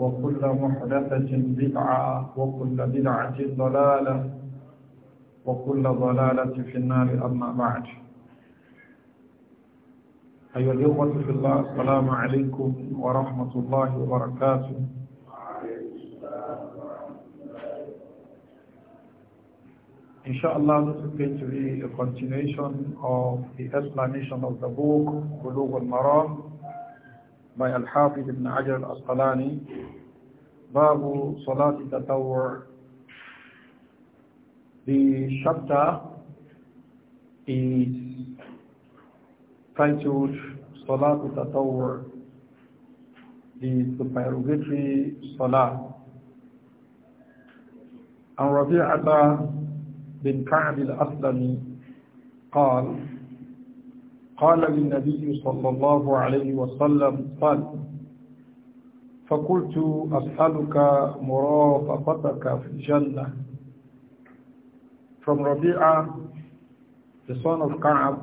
وكل محدثة بدعة وكل بدعة ضلالة وكل ضلالة في النار أما بعد أيها الإخوة في الله السلام عليكم ورحمة الله وبركاته إن شاء this is going to be a continuation of the explanation of the book, Bulugh al-Maram, by Al-Hafiz ibn Hajar al-Asqalani Babu Salat al The chapter is titled Salat al-Tatawwur the supererogatory Salah عن ربيعة بن كعب الأسلمي قال قال للنبي صلى الله عليه وسلم قال فقلت أسألك مرافقتك في الجنة from Rabi'a the son of Ka'ab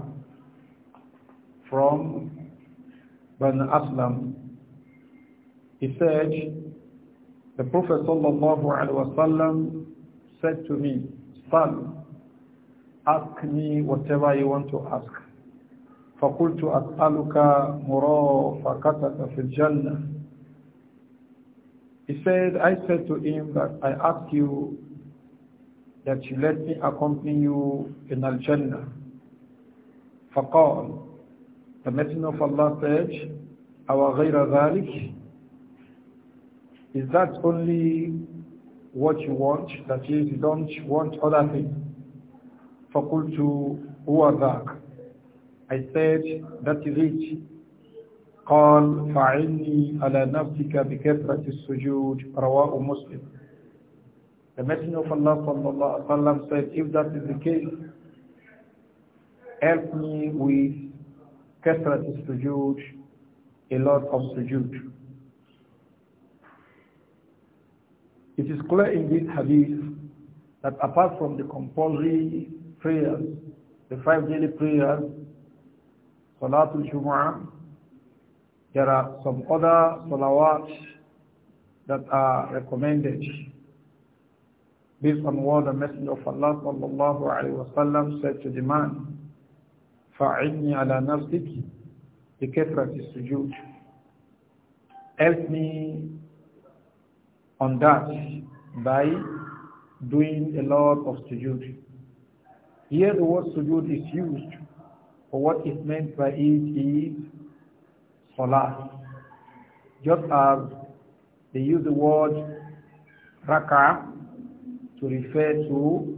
from Bani Aslam he said the Prophet sallallahu alaihi wasallam said to me son ask me whatever you want to ask فقلت أسألك مرافقتك في الجنة He said, I said to him that I ask you that you let me accompany you in Al-Jannah. فقال The Messenger of Allah said, أو غير ذلك Is that only what you want? That is, you don't want other things. فقلت هو ذاك I said, that is it. قال فعني على نفسك بكثرة السجود رواه مسلم The Messenger of Allah from Allah said, if that is the case, help me with kathrat sujood, a lot of sujud." It is clear in this hadith that apart from the compulsory prayers, the five daily prayers, Salatul Jumu'ah. There are some other salawats that are recommended based on what the Messenger of Allah sallallahu said to the man, فَعِنِّي عَلَى نَفْسِكِ بِكَثْرَةِ السُّجُودِ Help me on that by doing a lot of sujood. Here the word sujood is used but what is meant by it is salah. Just as they use the word raka to refer to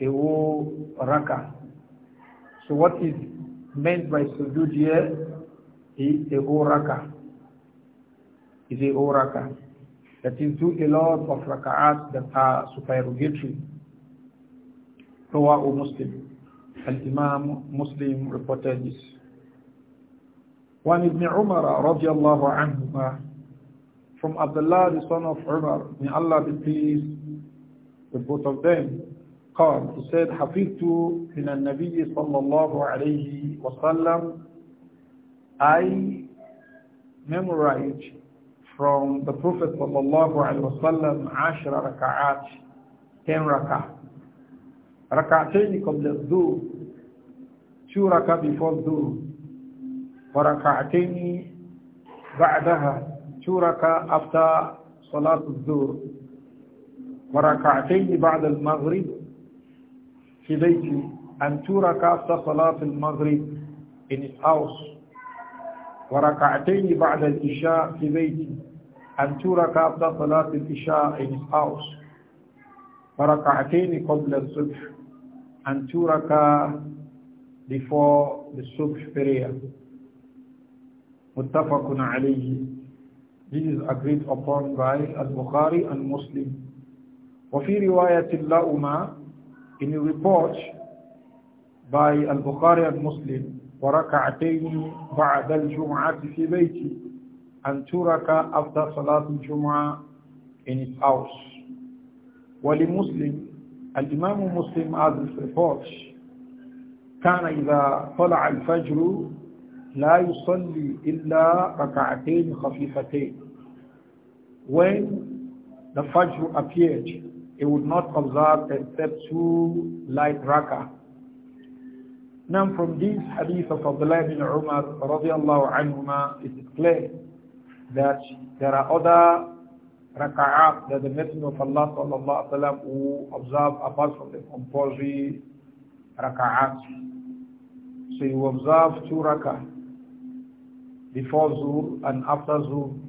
a whole raka. So what is meant by sujud here is a whole raka. Is a whole raka. That is do a lot of raka'at that are supererogatory. Rawahu Muslim. Al-Imam Muslim reported this. One Ibn Umar radiallahu anhuma from Abdullah the son of Umar, may Allah be pleased with both of them. قال he said حفظت من النبي صلى الله عليه وسلم I memorized from the Prophet صلى الله عليه وسلم عشر ركعات 10 ركعات ركعتين قبل الظهر two rakah before dhuhr وركعتين بعدها two after صلاة الظهر وركعتين بعد المغرب في بيتي أن two after صلاة المغرب in his house وركعتين بعد الإشاء في بيتي أن two after صلاة الإشاء in his house وركعتين قبل الصبح أن two before the subh prayer. Muttafaqun alayhi. This is agreed upon by Al-Bukhari and Muslim. وفي رواية اللهما in a report by Al-Bukhari and Muslim وركعتين بعد الجمعة في بيتي and two raka after صلاة الجمعة in his house. ولمسلم الإمام مسلم has this report كان إذا طلع الفجر لا يصلي إلا ركعتين خفيفتين when the Fajr appeared he would not observe except two light rakah now from this hadith of Abdullah bin Umar الله عنهما it is clear that there are other raka'at that the Messenger of Allah صلى الله عليه وسلم who observe apart from the compulsory raka'at So you observe two rakah before Zuhr and after Zuhr.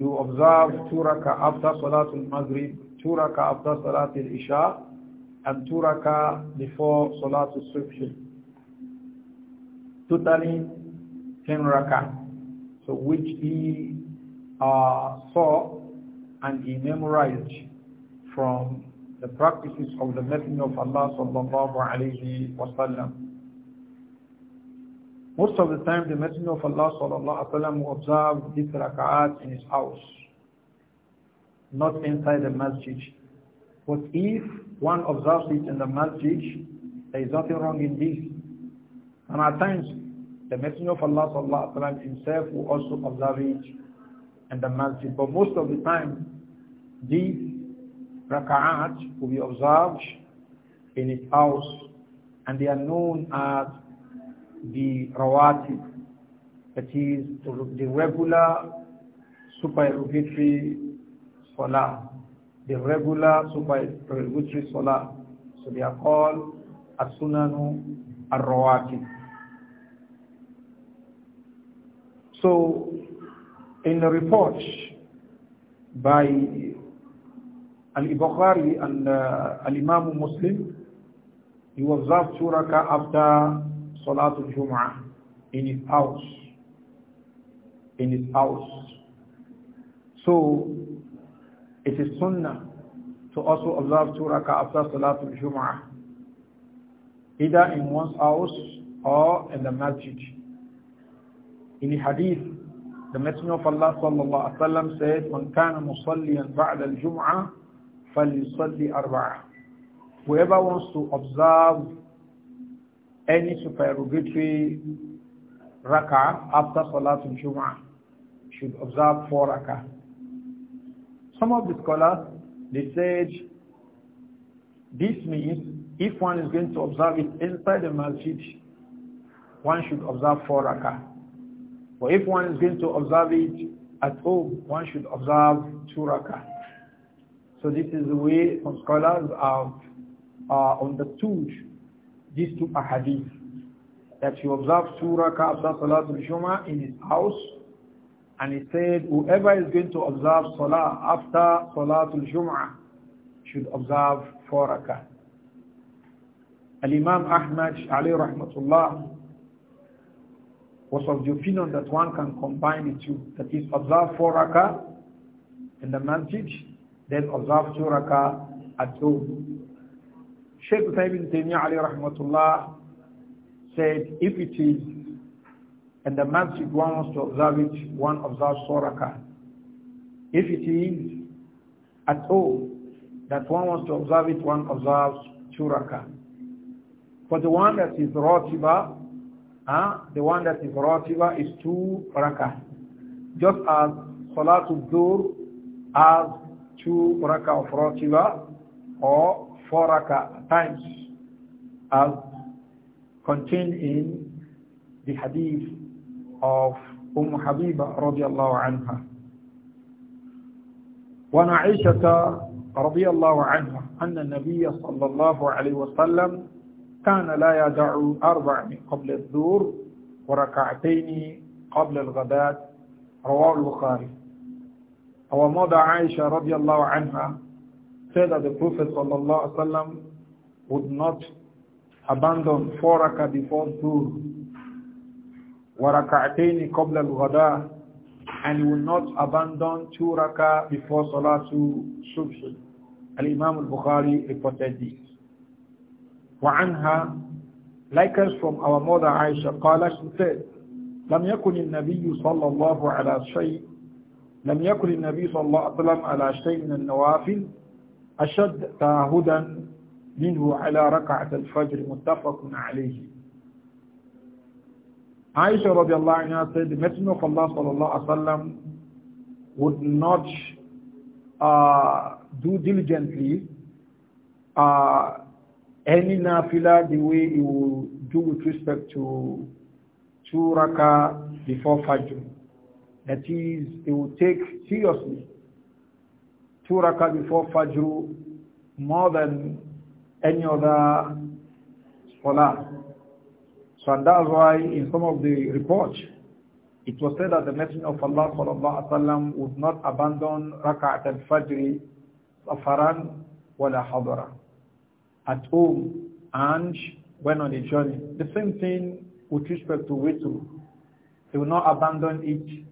You observe two rakah after Salatul Maghrib, two rakah after Salatul Isha, and two rakah before Salatul Subh. Totally ten rakah. So which he uh, saw and he memorized from the practices of the Messenger of Allah sallallahu alayhi wa sallam. Most of the time, the Messenger of Allah sallallahu alaihi wasallam observed this rak'at in his house, not inside the masjid. But if one observes it in the masjid, there is nothing wrong in this. And at times, the Messenger of Allah sallallahu alaihi wasallam himself will also observe it in the masjid. But most of the time, this rak'at will be observed in his house, and they are known as the rawatib, that is the regular supererogatory salah, the regular supererogatory salah. So they are called as-sunanu ar-rawatib. So in the report by Al-Bukhari and uh, Al-Imam Muslim, he observed two after Salatul Jum'ah in his house. In his house. So, it is sunnah to also observe two rak'ah after Salatul Jum'ah. Either in one's house or in the masjid. In the hadith, the Messenger of Allah sallallahu alaihi wasallam said, "Man kana musalliyan ba'da al-jum'ah falyusalli arba'ah." Whoever wants to observe any supererogatory raka after Salatul Jum'ah should observe four raka. Some of the scholars, they said this means if one is going to observe it inside the masjid, one should observe four raka. But if one is going to observe it at home, one should observe two raka. So this is the way some scholars have uh, understood these two ahadith that he observed two rakah Salatul Jum'ah in his house and he said whoever is going to observe Salah after Salatul Jum'ah should observe four rakah. Al-Imam Ahmad alayhi rahmatullah was of the opinion that one can combine the two. That is observe four rakah in the masjid, then observe two rakah at home. Shaykh Ibn Taymiyyah Ali Rahmatullah said, if it is and the masjid one wants to observe it, one observes Soraka. If it is at all that one wants to observe it, one observes Churaka. For the one that is Rotiba, huh? Ah, the one that is Rotiba is two Raka. Just as Salatul dur has two Raka of Rotiba or four rak'ah times as contained in the hadith of Umm Habiba radiallahu anha. وعن عائشة رضي الله عنها أن النبي صلى الله عليه وسلم كان لا يدع أربع من قبل الظهر وركعتين قبل الغداء رواه البخاري ومضى عائشة رضي الله عنها said that the Prophet ﷺ would not abandon four rakah before dhuhr, waraka'atayni qabla al-ghada, and he will not abandon two rakah before salatu subh. Al-Imam al-Bukhari reported this. Wa وعنها likewise from our mother Aisha قالت she said لم يكن النبي صلى الله على شيء لم يكن النبي صلى الله عليه وسلم على شيء من النوافل أشد تعهدا منه على ركعة الفجر متفق عليه عائشة رضي الله عنها said the Messenger of Allah صلى الله عليه وسلم would not uh, do diligently uh, any nafila the way he will do with respect to two raka before Fajr. That is, he will take seriously two rakah before Fajr more than any other salah. So and that's why in some of the reports, it was said that the Messenger of Allah sallallahu alaihi wasallam would not abandon rak'at al-fajr safaran wala hadara at home and when on a journey. The same thing with respect to witr. He would not abandon it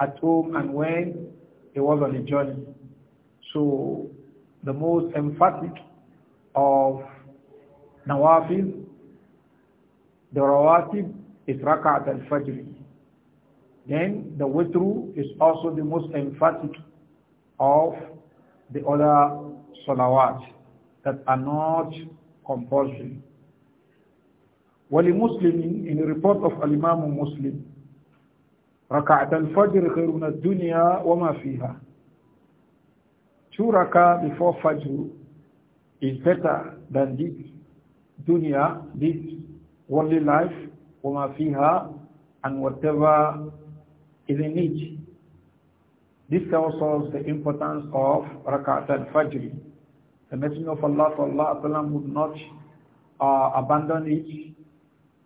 at home and when he was on a journey. So the most emphatic of nawafil, the rawatib is rakat al-fajr. Then the witru is also the most emphatic of the other salawat that are not compulsory. ولمسلم in the report of al-Imam Muslim ركعة الفجر خير من الدنيا وما فيها two rakah before Fajr is better than this dunya, this worldly life, وَمَا fiha, and whatever is in it. This tells us the importance of rakat al-fajr. The Messenger of Allah sallallahu alaihi would not uh, abandon it.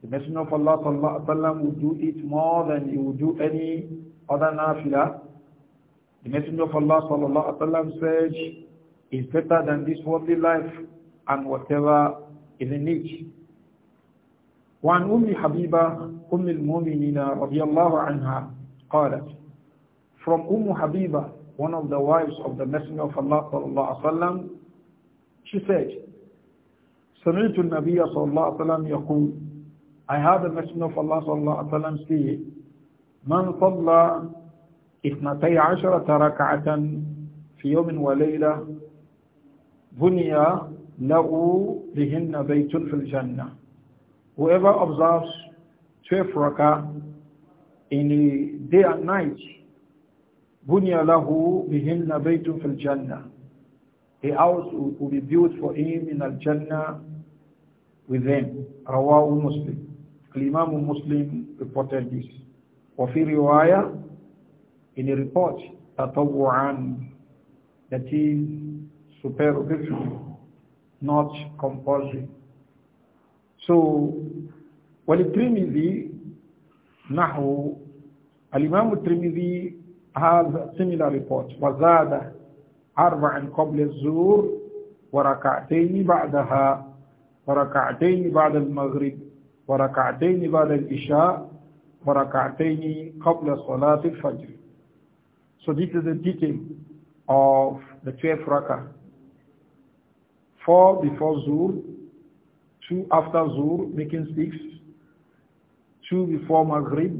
The Messenger of Allah sallallahu alaihi would do it more than he would do any other nafilah. The Messenger of Allah sallallahu alaihi wasallam said, is better than this worldly life and whatever is in it. وعن أم حبيبة أم المؤمنين رضي الله عنها قالت From Umm Habiba, one of the wives of the Messenger of Allah صلى الله عليه وسلم, she said, سمعت النبي صلى الله عليه وسلم يقول I heard the Messenger of Allah صلى الله عليه وسلم say, من صلى اثنتي عشرة ركعة في يوم وليلة بني له بهن بيت في الجنة Whoever observes 12 rakah in the day and night, بني له بهن بيت في الجنة A house will be built for him in the jannah with them. رواه مسلم. Al-Imam Muslim reported this. وفي رواية in a report tatawuan that is superlative not compulsory so when wal trimizi nahu al imam trimizi has a similar report wazada arba'an qabla az-zuhr wa rak'atayn ba'daha wa rak'atayn ba'da al-maghrib wa rak'atayn ba'da al-isha wa rak'atayn qabla salat so this is the detail of the 12 rakah. Four before Zuhr, two after Zuhr, making six, two before Maghrib,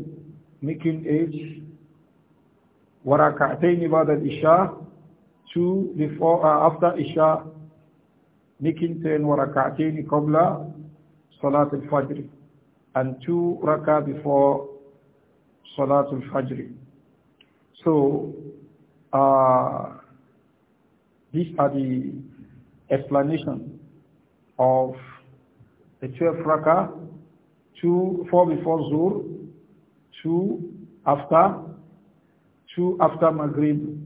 making eight, وركعتين بعد Isha. two before uh, after Isha making ten وركعتين قبل صلاة الفجر and two ركع before صلاة الفجر so, uh, these are the explanation of the 12 rakah, two, four before Zuhr, two after, two after Maghrib,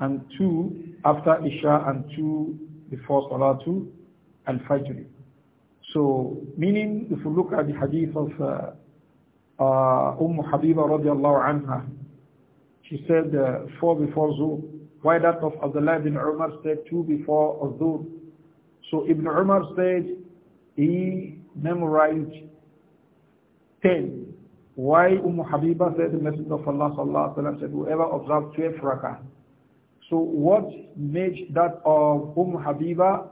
and two after Isha, and two before Salatu and fajr So, meaning if you look at the hadith of uh, uh, Umm Habiba radiallahu anha, she said uh, four before Zuhr. Why that of Abdullah bin Umar said two before Zuhr. So Ibn Umar said he memorized ten. Why Umm Habiba said the Messenger of Allah sallallahu alaihi wasallam said whoever observed twelve rakah. So what made that of Umm Habiba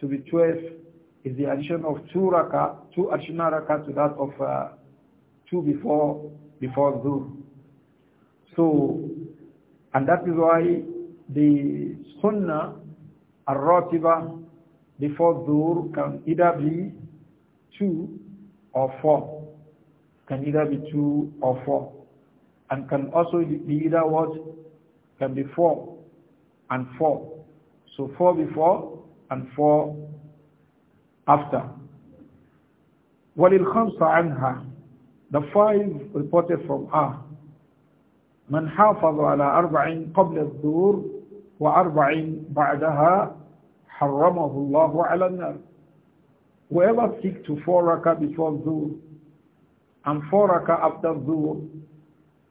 to be twelve is the addition of two rakah, two additional rakah to that of uh, two before before Dhuhr. So, and that is why the sunnah, al-ratiba, before dhuhr can either be two or four. Can either be two or four. And can also be either what? Can be four and four. So four before and four after. وَلِلْخَمْسَ عَنْهَا The five reported from her من حافظ على أربع قبل الظهور وأربع بعدها حرمه الله على النار Whoever seeks to four raka before Zul and four raka after Zul,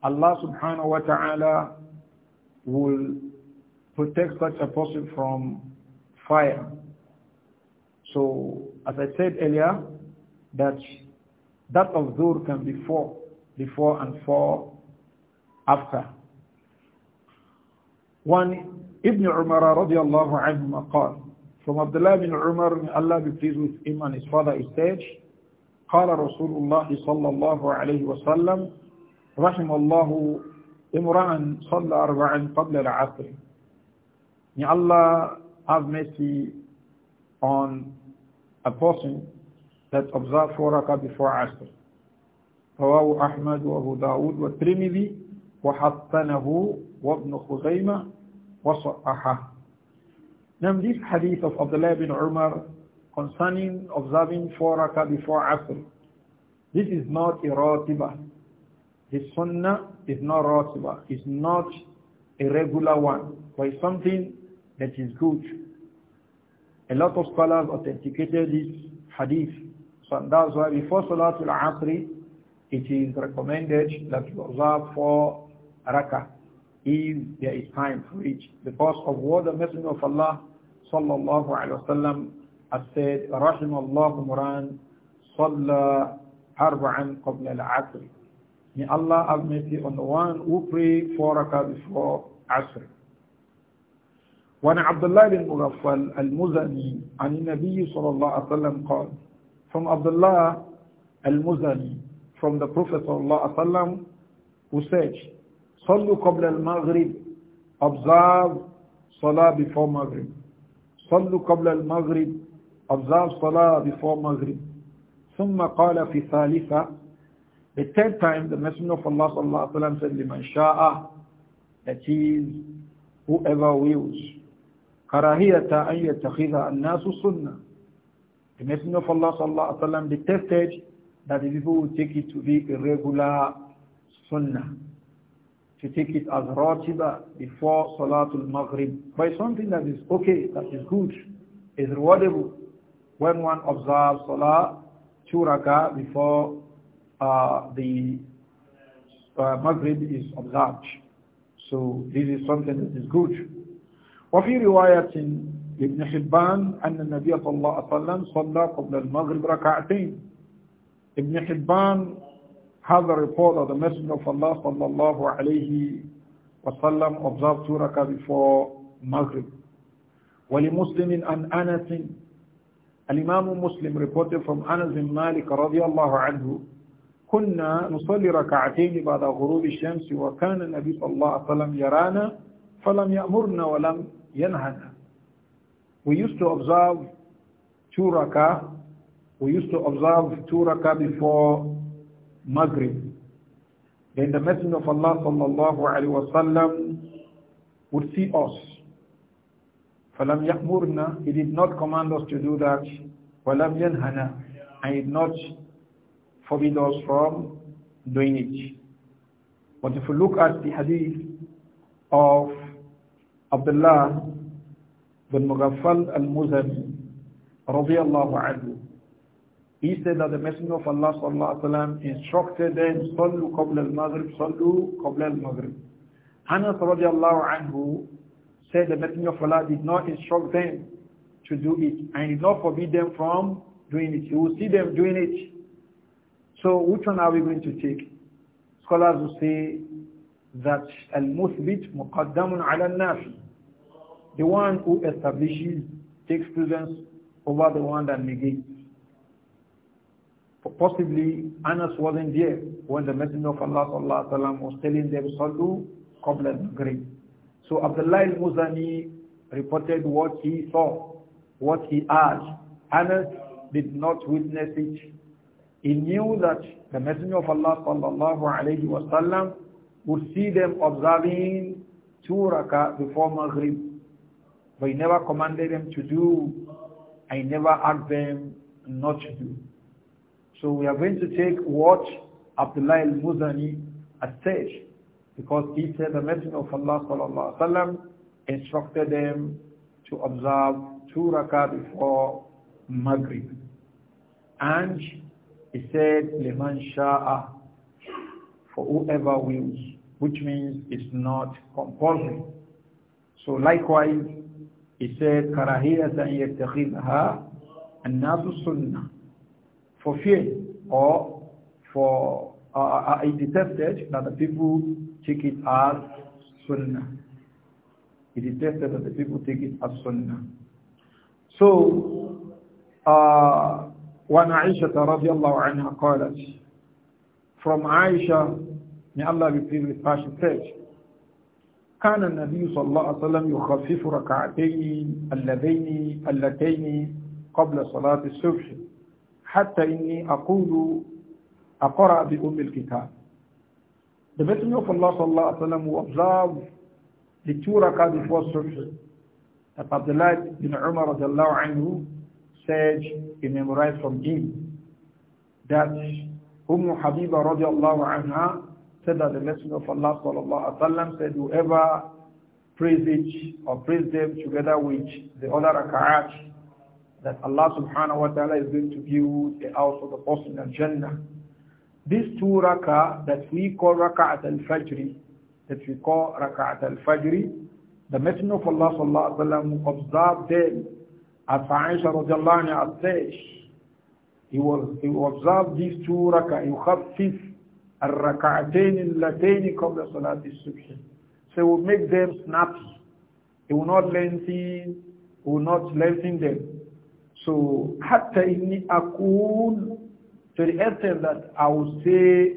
Allah subhanahu wa ta'ala will protect such a person from fire. So, as I said earlier, that that of Zuhr can be four before and four after. وان ابن Umar رضي الله qal, from Abdullah bin Umar, may Allah be pleased with him and his father, he said, قال رسول الله صلى الله عليه وسلم رحم الله امرأ صلى أربعا قبل العصر. May Allah have mercy on a person that observed four rakah before Asr. رواه أحمد وأبو داود والترمذي وحسنه وابن خزيمة وصححه Now this hadith of Abdullah bin Umar concerning observing four rakah before Asr, this is not a ratiba. His sunnah is not ratiba. It's not a regular one, but it's something that is good. A lot of scholars authenticated this hadith. So that's why before Salatul Asr, it is recommended that you observe four Raka if there is time for each because of what the Messenger of Allah sallallahu alaihi wasallam has said رحم muhammad مران صلى أربعا قبل العصر May Allah have mercy on the one who pray four rakah before Asr. وعن عبد الله بن مغفل المزني عن النبي صلى الله عليه وسلم قال From Abdullah al-Muzani, from the Prophet صلى الله عليه وسلم, who said, صلوا قبل المغرب observe salah before maghrib صلوا قبل المغرب observe salah before maghrib ثم قال في ثالثة the third time the messenger of Allah صلى الله عليه وسلم said لمن شاء that is whoever wills كراهية أن يتخذ الناس سنة the messenger of Allah صلى الله عليه وسلم detested that the people would take it to be a regular sunnah to take it as ratiba before Salatul Maghrib by something that is okay, that is good, is rewardable when one observes salat two rakah before uh, the uh, Maghrib is observed. So this is something that is good. وفي رواية لابن حبان أن النبي صلى الله عليه وسلم صلى قبل المغرب ركعتين ابن حبان have the report of the Messenger of Allah sallallahu alayhi wasallam observed two rakah before Maghrib. an أَنْ أَنَسٍ Imam Muslim reported from Anas bin Malik رضي الله عنه كنا نصلي ركعتين بعد غروب الشمس وكان النبي صلى الله عليه وسلم يرانا فلم يأمرنا ولم ينهنا We used to observe two rakah. We used to observe two rakah before Maghrib. Then the Messenger of Allah sallallahu alaihi wasallam would see us. فَلَمْ يَأْمُرْنَا He did not command us to do that. وَلَمْ يَنْهَنَا And he did not forbid us from doing it. But if you look at the hadith of Abdullah bin Mughaffal al Muzaffar رضي الله عنه, he said that the Messenger of Allah sallallahu instructed them, "Sallu qabla al-maghrib, sallu qabla al-maghrib." Anas radiallahu anhu said the Messenger of Allah did not instruct them to do it and did not forbid them from doing it. You will see them doing it. So which one are we going to take? Scholars will say that al-muthbit muqaddamun ala al-nafi. The one who establishes takes precedence over the one that negates. Possibly Anas wasn't there when the Messenger of Allah sallallahu alaihi was telling them Sallu qabla maghrib. So Abdullah al-Muzani reported what he saw, what he heard. Anas did not witness it. He knew that the Messenger of Allah sallallahu alaihi wasallam would see them observing two rakah before Maghrib. But he never commanded them to do. I never asked them not to do. So we are going to take what Abdullah al-Muzani had said because he said the Messenger of Allah sallallahu alaihi instructed them to observe two rakah before Maghrib. And he said, Liman Sha'a, for whoever wills, which means it's not compulsory. So likewise, he said, an yattakhidha annasu sunnah for fear or for uh, uh, uh, it detested that the people take it as sunnah. It is tested that the people take it as sunnah. So, uh, Aisha عائشة رضي الله عنها قالت From Aisha, may Allah be pleased with her, she said, كان النبي صلى الله عليه وسلم يخفف ركعتين اللذين اللتين قبل صلاة الصبح حتى إني أقول أقرأ بأم الكتاب The Messenger of Allah sallallahu alayhi wa sallam the two rakah before Subh Abdullah bin Umar radiallahu anhu said he memorized from him that Umm Habiba radiallahu said that the Messenger of Allah sallallahu said whoever praise it or prays them together with the other raka'at that Allah subhanahu wa ta'ala is going to view the house of the person in Jannah. These two rak'ah that we call rak'at al fajri that we call rak'at al fajri the Messenger of Allah sallallahu alayhi wa sallam observed them as Aisha radiallahu anha says. He was he observed these two rak'ah, يخفف الركعتين اللتين قبل صلاة الصبح. So he would make them snaps. He would not lengthen. He would not lengthen them. So, hatta inni akul, to the extent that I will say,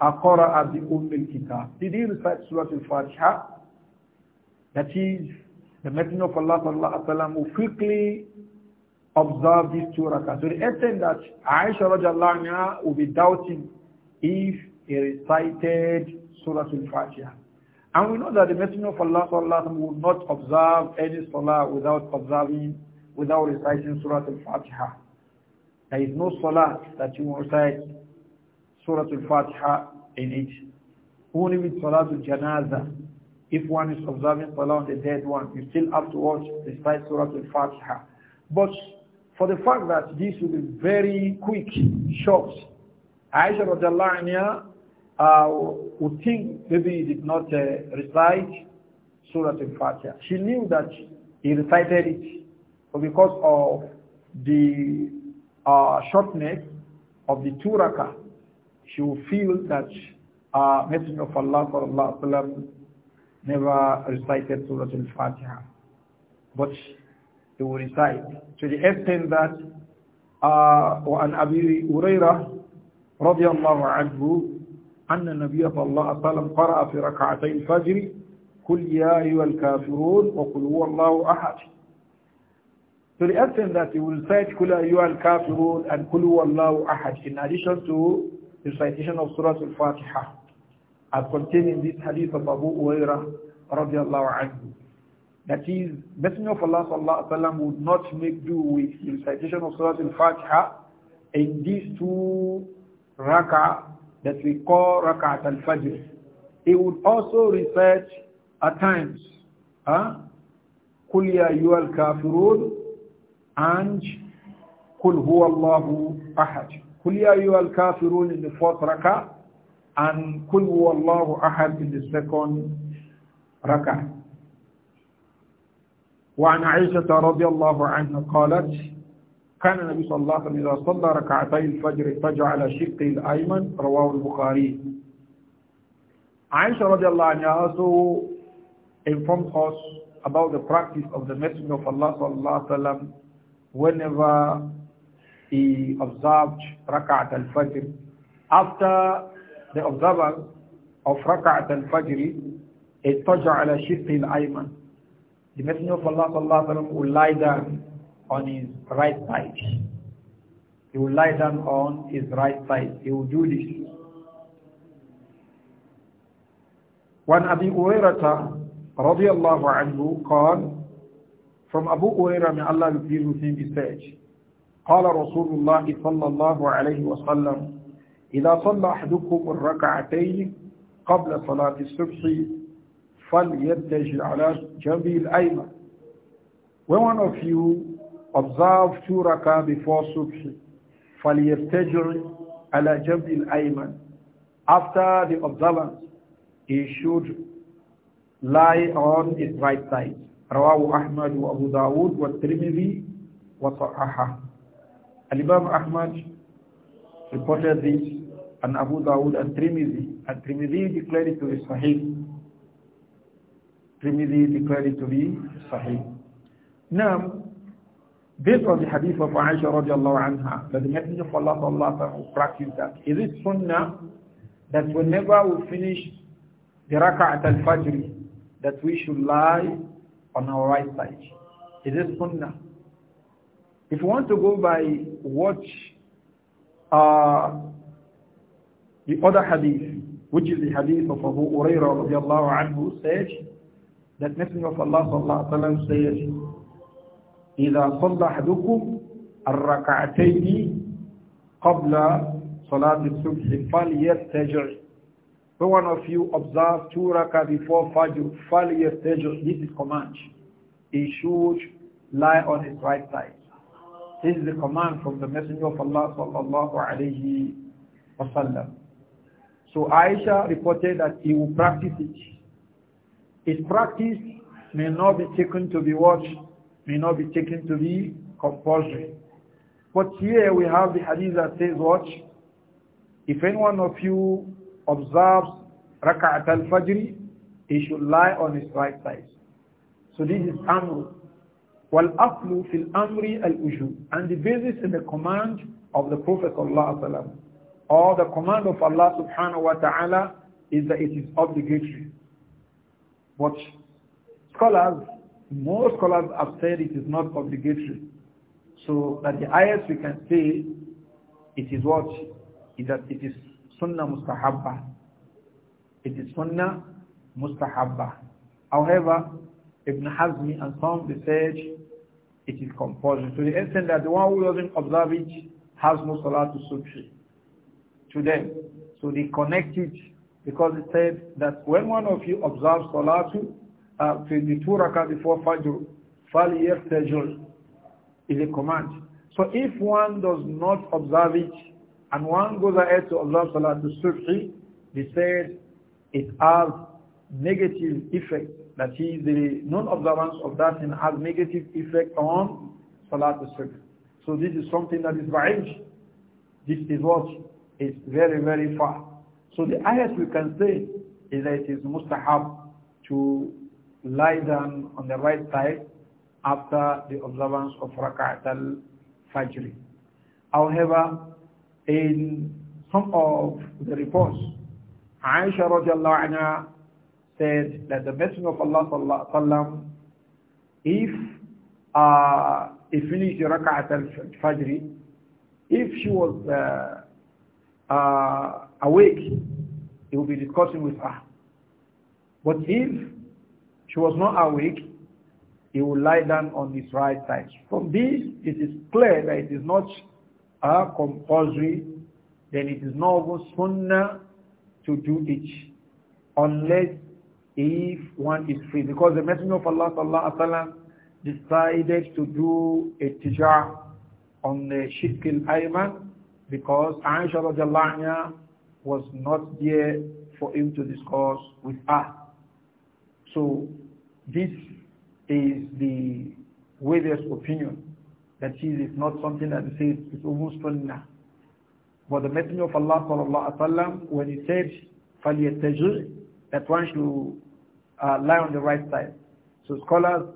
a akora abi ummil kitab. Did he recite Surah Al-Fatiha? That is, the Messenger of Allah sallallahu alaihi wasallam will quickly observe these two rakah. So the extent that Aisha radiallahu anha will be doubting if he recited Surah Al-Fatiha. And we know that the Messenger of Allah sallallahu alaihi wasallam will not observe any salah without observing without reciting Surah Al-Fatiha. There is no salah that you will recite Surah Al-Fatiha in it. Only with Salah Al-Janaza. If one is observing Salah on the dead one, you still have to watch, recite Surah Al-Fatiha. But for the fact that this will be very quick, short, Aisha radiallahu anha uh, would think maybe he did not uh, recite Surah Al-Fatiha. She knew that he recited it. But because of the uh, shortness of the two rakah, she will feel that uh, Messenger of Allah sallallahu never recited Surah Al-Fatiha. But he will recite to the extent that uh, وعن أبي هريرة رضي الله عنه أن النبي صلى الله عليه وسلم قرأ في ركعتي الفجر قل يا أيها الكافرون وقل هو الله أحد so the essence that he will cite, Kula Ayyuhal Kafirun and Kulu Wallahu Ahad in addition to the recitation of Surah Al-Fatiha as contained in this hadith of Abu Uwaira radiallahu anhu. That is, Messenger of Allah sallallahu alayhi wa would not make do with the recitation of Surah Al-Fatiha in these two rak'ah that we call rak'ah al-fajr. He would also recite at times, huh? قُلْ يَا أنج كل هو الله أحد كل يا أيها الكافرون إن فوت ركع أن قل هو الله أحد إن سكون ركع وعن عائشة رضي الله عنها قالت كان النبي صلى الله عليه وسلم إذا صلى ركعتي الفجر فجع على شقه الأيمن رواه البخاري عائشة رضي الله عنها also informed us about the practice of the Messenger of Allah صلى الله عليه وسلم whenever he observed Raka'at al-Fajr. After the observance of Raka'at al-Fajr, he على شقه الأيمن. The Messenger of Allah sallallahu will lie down on his right side. He will lie down on his right side. He will do this. When أبي هريرة رضي الله عنه قال From Abu Uraira, may Allah be pleased with him, he said, قال رسول الله صلى الله عليه وسلم إذا صلى أحدكم الركعتين قبل صلاة الصبح فليتجل على جنبه الأيمن When one of you observe two rakah before subh, فليتجل على جنبه الأيمن After the observance, he should lie on his right side. رواه أحمد وأبو داود والترمذي وصححه الإمام أحمد reported this and Abu Dawud and Trimidi. And Trimidi declared it to be Sahih. Trimidi declared it to be Sahih. Now, based on the hadith of Aisha radiallahu anha, that the Messenger of Allah sallallahu alayhi practiced that. Is it sunnah that whenever we finish the raka'at al-fajr, that we should lie on our right side. It is sunnah. If you want to go by watch uh, the other hadith, which is the hadith of Abu Uraira radiallahu anhu said, that Messenger of Allah sallallahu alayhi wa sallam said, إِذَا صَلَّ أَحْدُكُمْ الرَّكَعَتَيْنِ قَبْلَ صَلَاةِ الصُّبْحِ فَلْيَتَّجِعِ so one of you observe two rakah before Fajr, Faliyastajur, this is command. He should lie on his right side. This is the command from the Messenger of Allah sallallahu alayhi wasallam. So Aisha reported that he will practice it. His practice may not be taken to be watched, may not be taken to be compulsory. But here we have the hadith that says, watch, if any one of you observes Raka'at al-Fajr, he should lie on his right side. So this is Amr. fil amri al الْأُجُوبِ And the basis in the command of the Prophet ﷺ or the command of Allah subhanahu wa ta'ala is that it is obligatory. But scholars, most scholars have said it is not obligatory. So that the highest we can say it is what? Is that it is sunnah mustahabba. It is sunnah mustahabba. However, Ibn Hazmi and some research, it is compulsory. To the extent that the one who doesn't observe it has no salah to substitute to them. So they connect it because it said that when one of you observes salatu uh, the two rakah before fajr, schedule is a command. So if one does not observe it, and one goes ahead to Allah Salatu Subhi, they said it has negative effect, that is the non-observance of that and has negative effect on Salatul Subhi. So this is something that is ba'ij. This is what is very, very far. So the highest we can say is that it is mustahab to lie down on the right side after the observance of Rakat al-Fajr. However, in some of the reports, Aisha radiallahu anha said that the Messenger of Allah sallallahu sallam, if uh, he finished rak'at al-fajr, if she was uh, uh, awake, he would be discussing with her. But if she was not awake, he would lie down on his right side. From this, it is clear that it is not are compulsory, then it is not sunnah to do it unless if one is free. Because the Messenger of Allah sallallahu alaihi wasallam decided to do a tijar on the shirk in ayman because Aisha radiallahu anha was not there for him to discuss with us. So this is the weirdest opinion. That cheese is not something that is says it's almost sunnah. But the Messenger of Allah sallallahu alaihi wasallam, when he said فَلْيَتَّجِعْ that one should uh, lie on the right side. So scholars,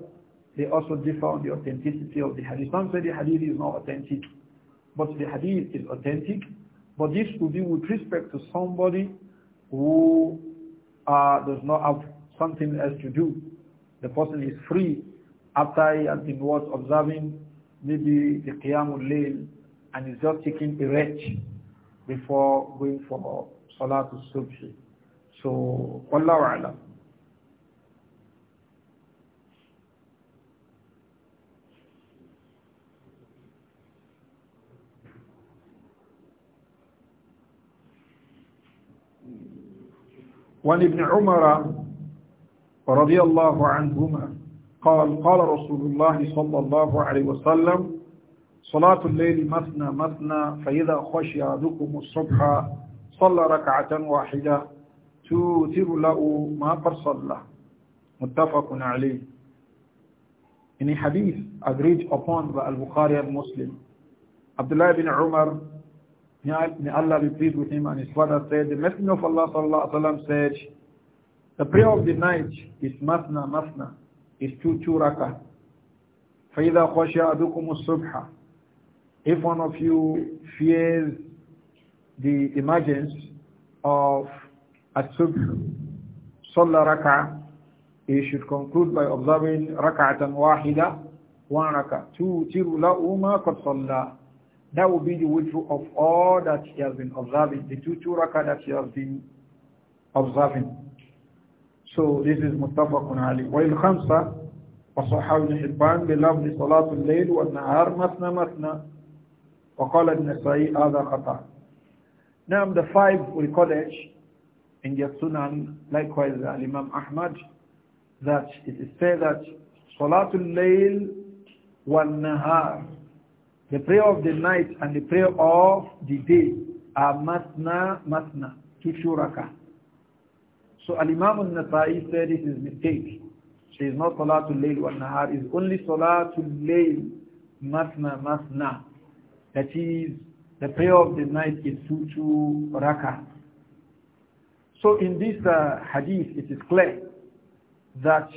they also differ on the authenticity of the hadith. Some say the hadith is not authentic, but the hadith is authentic. But this will be with respect to somebody who uh, does not have something else to do. The person is free after he has been what, observing maybe the Qiyamul Layl and is just taking a rest before going for to Subhi. So, Wallahu A'lam. وعن ابن عمر رضي الله عنهما قال قال رسول الله صلى الله عليه وسلم صلاة الليل مثنى مثنى فإذا خشي أحدكم الصبح صلى ركعة واحدة توتر له ما قد صلى متفق عليه إن حديث agreed upon by البخاري المسلم عبد الله بن عمر may Allah be pleased with him and his father said the messenger of Allah صلى الله عليه وسلم said the prayer of the night is مثنى مثنى is two two If one of you fears the emergence of sub صلى raka, he should conclude by observing ركعة واحدة one raka. توتر له umma قد صلى that will be the withdrawal of all that he has been observing the two two that he has been observing So this is Mustafaqun ali. Wa khamsa وصححه ابن حبان بلفظ nahar الليل والنهار wa qala وقال nasai هذا khata. Now the five we call it in the Sunan likewise Imam Ahmad that it is said that صلاة الليل والنهار the prayer of the night and the prayer of the day are matna matna two shuraka So Al-Imam al-Nasai said it is mistake. She is not Salatul Layl wa Nahar, is only Salatul Layl Masna Masna. That is, the prayer of the night is two, two rakah. So in this uh, hadith, it is clear that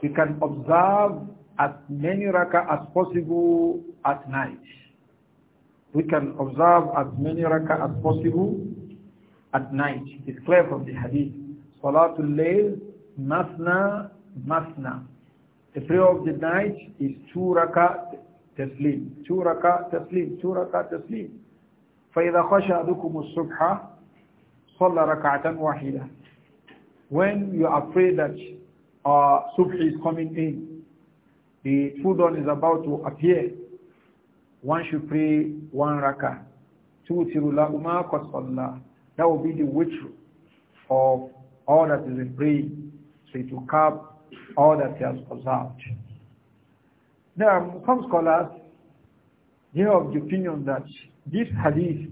we can observe as many rakah as possible at night. We can observe as many rakah as possible at night. It's clear from the hadith. Salatul Layl, Masna, Masna. The prayer of the night is two rakat taslim, two rakat taslim, two rakat taslim. فَإِذَا خَشَ أَدُكُمُ الصُّبْحَ صَلَّ رَكَعَةً وَاحِدًا When you are afraid that uh, subh is coming in, the full dawn is about to appear, one should pray one rakah. That will be the witr of all that is free, so it will cap all that he has observed. There are some scholars here of the opinion that this hadith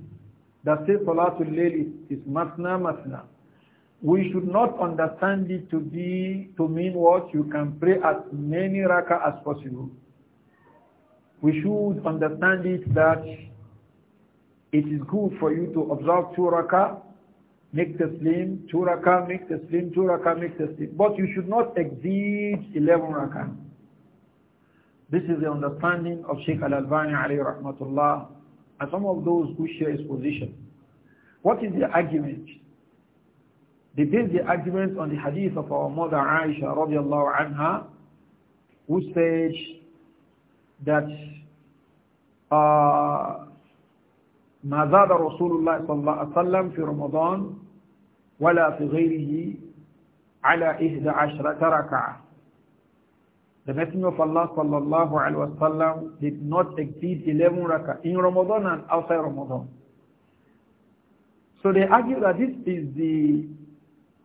that says Salatul Layl is, is masna masna, we should not understand it to be to mean what you can pray as many rakah as possible. We should understand it that it is good for you to observe two rakah make taslim, two rakah, make slim, two rakah, make taslim. But you should not exceed 11 rakah. This is the understanding of Sheikh Al-Albani alayhi rahmatullah and some of those who share his position. What is the argument? They base the argument on the hadith of our mother Aisha radiallahu anha who said that uh, ما زاد رسول الله صلى الله عليه وسلم في رمضان ولا في غيره على إحدى عشرة ركعة. The Messenger of Allah sallallahu alaihi wasallam did not exceed 11 rak'ah in Ramadan and outside Ramadan. So they argue that this is the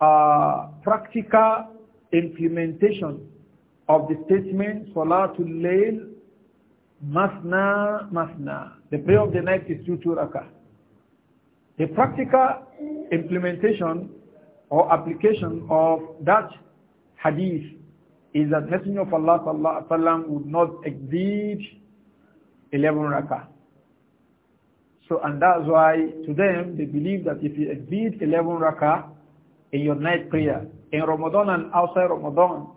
uh, practical implementation of the statement Salatul Layl Masna Masna. The prayer of the night is two, two rak'ah. The practical implementation or application of that hadith is that Messenger of Allah sallallahu would not exceed 11 rakah. So and that's why to them they believe that if you exceed 11 rakah in your night prayer in Ramadan and outside Ramadan,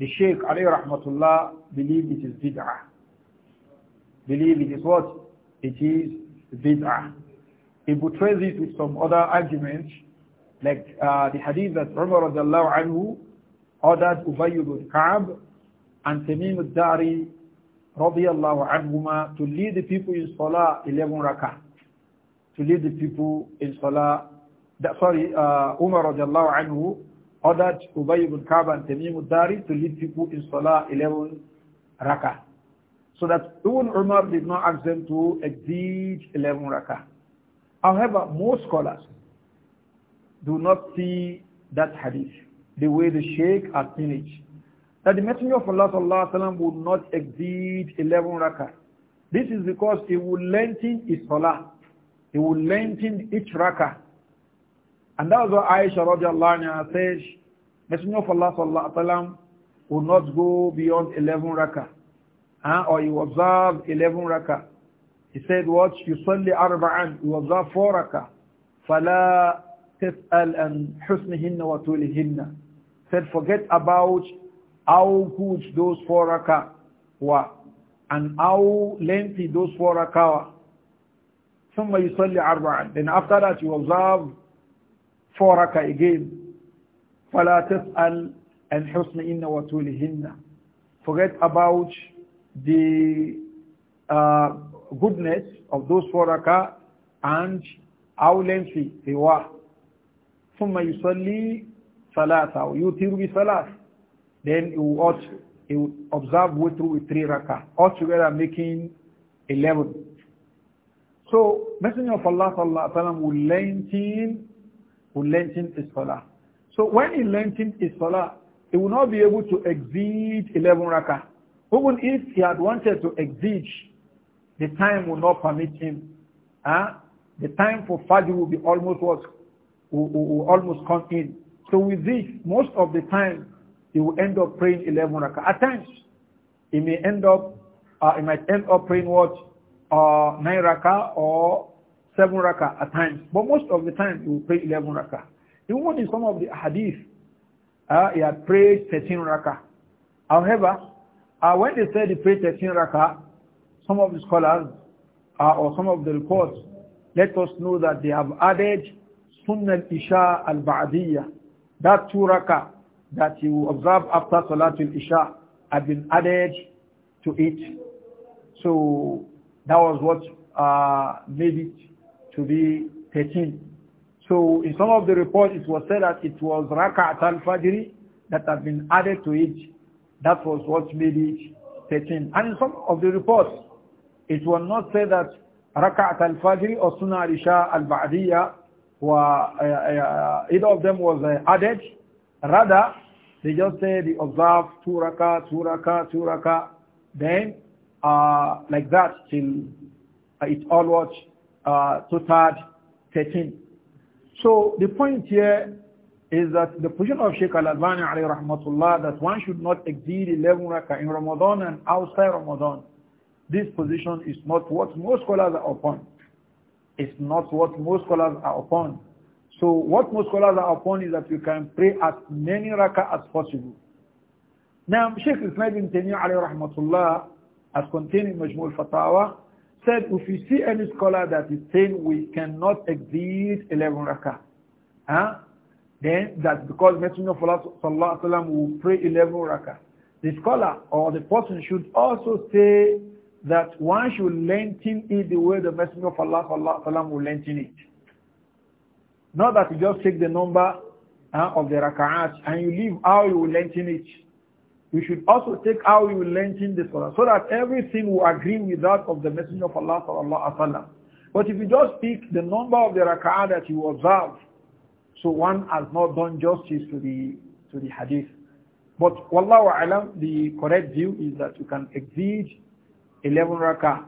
the Sheikh Ali rahmatullah believe it is bid'ah. Believe it is what? It is bid'ah he trace it with some other arguments, like uh, the hadith that Umar anhu ordered Ubayy ibn Ka'b and Tamim al-Dari radiyallahu anhuma to lead the people in Salah 11 rakah. To lead the people in Salah, that, sorry, uh, Umar radiyallahu anhu ordered Ubayy ibn Ka'b and Tamim al-Dari to lead people in Salah 11 rakah. So that even Umar did not ask them to exceed 11 rakah. However, most scholars do not see that hadith the way the Sheikh has seen it. That the Messenger of Allah sallallahu alaihi wasallam would not exceed 11 rakah. This is because he will lengthen his salah. He would lengthen each rakah. And that was why Aisha radiallahu anha says, Messenger of Allah sallallahu alaihi wasallam will not go beyond 11 rakah. Huh? Or he observed observe 11 rakah. He said, what? يصلي أربعا يوضى فورك فلا تسأل عن حسنهن وطولهن. Said, forget about how good those four rakah were and how lengthy those four rakah were. ثم يصلي أربعا. Then after that you observe four rakah again. فلا تسأل عن حسنهن وطولهن. Forget about the uh, goodness of those four raka and how lengthy they were. ثُمَّ يُصَلِّي ثَلَاثَ وَيُوتِرُ بِثَلَاثِ Then he will, ought, he would observe witr with three rakah, altogether making 11. So, Messenger of Allah sallallahu alayhi wa will lengthen, will lengthen his salah. So when he lengthened his salah, he will not be able to exceed 11 raka. Even if he had wanted to exceed the time will not permit him. Huh? The time for Fajr will be almost what? Will, will, will almost come in. So with this, most of the time, he will end up praying 11 rakah. At times, he may end up, uh, he might end up praying what? Uh, 9 rakah or 7 rakah at times. But most of the time, he will pray 11 rakah. Even in some of the hadith, uh, he had prayed 13 rakah. However, uh, when they said he prayed 13 rakah, some of the scholars uh, or some of the reports let us know that they have added Sunnah al-Isha al-Ba'diyah. That two rakah that you observe after Salatul Isha have been added to it. So that was what uh, made it to be 13. So in some of the reports it was said that it was raka'at al-Fajri that have been added to it. That was what made it 13. And in some of the reports it will not say that Raka'at al-Fajr or Sunnah al-Isha al-Ba'diyya uh, uh, either of them was uh, added. Rather, they just say they observe two rakaat, two rakah, two rakah. Then, uh, like that till uh, it's all was uh, third 13. So the point here is that the position of Sheikh Al-Albani alayhi rahmatullah that one should not exceed 11 rakaat in Ramadan and outside Ramadan. This position is not what most scholars are upon. It's not what most scholars are upon. So what most scholars are upon is that you can pray as many raka'ah as possible. Now, Sheikh Ismail ibn Taymiyyah alayhi rahmatullah, as contained in Majmul Fatawa, said if you see any scholar that is saying we cannot exceed 11 raka'ah, huh? then that's because Messenger of Allah sallallahu alayhi wa will pray 11 raka'ah. the scholar or the person should also say that one should lengthen it the way the Messenger of Allah sallam, will lengthen it. Not that you just take the number uh, of the raka'at and you leave how you will lengthen it. You should also take how you will lengthen the salah so that everything will agree with that of the Messenger of Allah sallallahu But if you just pick the number of the raka'at that you observe, so one has not done justice to the to the hadith. But wallahu alam, the correct view is that you can exceed 11 rakah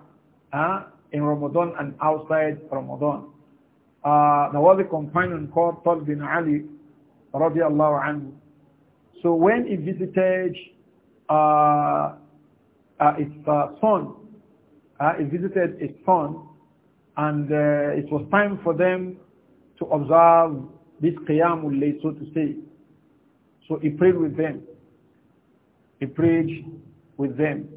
ah, uh, in Ramadan and outside Ramadan. Uh, there was a companion called Tal bin Ali radiallahu anhu. So when he visited uh, uh, his uh, son, uh, he visited his son and uh, it was time for them to observe this Qiyamul Layl, so to say. So he prayed with them. He prayed with them.